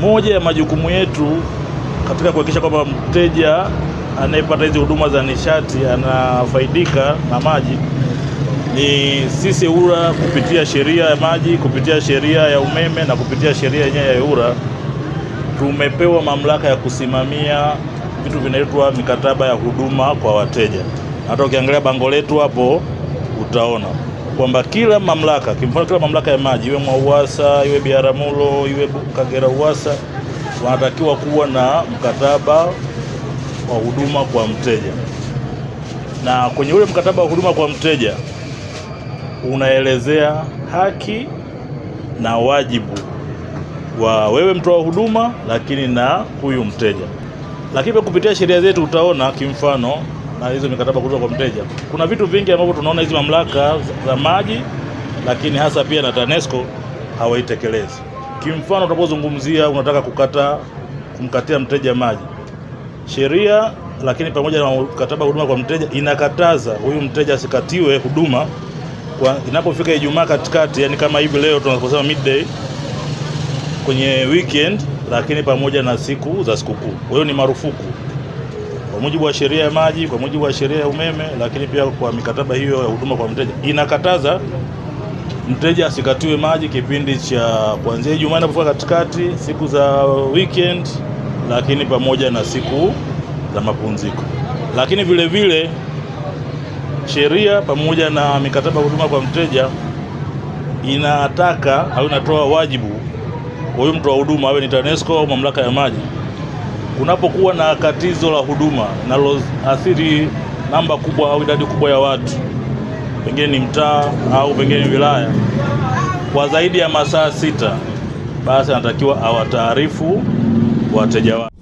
Moja ya majukumu yetu katika kuhakikisha kwamba mteja anayepata hizi huduma za nishati anafaidika na maji ni sisi EWURA kupitia sheria ya maji, kupitia sheria ya umeme na kupitia sheria yenyewe ya EWURA tumepewa mamlaka ya kusimamia vitu vinaitwa mikataba ya huduma kwa wateja. Hata ukiangalia bango letu hapo utaona kwamba kila mamlaka kimfano, kila mamlaka ya maji iwe Mwauwasa iwe biaramulo iwe Kagera Uwasa wanatakiwa kuwa na mkataba wa huduma kwa mteja, na kwenye ule mkataba wa huduma kwa mteja unaelezea haki na wajibu wa wewe mtoa huduma, lakini na huyu mteja. Lakini kupitia sheria zetu utaona kimfano na hizo mikataba kutoka kwa mteja. Kuna vitu vingi ambavyo tunaona hizi mamlaka za maji lakini hasa pia na TANESCO hawaitekelezi. Kimfano, unapozungumzia unataka kukata kumkatia mteja maji, sheria lakini pamoja na mkataba huduma kwa mteja inakataza huyu mteja asikatiwe huduma kwa inapofika Ijumaa katikati, yani kama hivi leo tunaposema midday kwenye weekend, lakini pamoja na siku za sikukuu. Kwa hiyo ni marufuku kwa mujibu wa sheria ya maji, kwa mujibu wa sheria ya umeme, lakini pia kwa mikataba hiyo ya huduma kwa mteja inakataza mteja asikatiwe maji kipindi cha kuanzia Ijumaa inapofika katikati, siku za weekend, lakini pamoja na siku za mapumziko. Lakini vile vile sheria pamoja na mikataba ya huduma kwa mteja inataka au inatoa wajibu kwa huyu mtu wa huduma awe ni TANESCO au mamlaka ya maji kunapokuwa na katizo la huduma linaloathiri namba kubwa au idadi kubwa ya watu, pengine ni mtaa au pengine ni wilaya, kwa zaidi ya masaa sita, basi anatakiwa awataarifu wateja wake.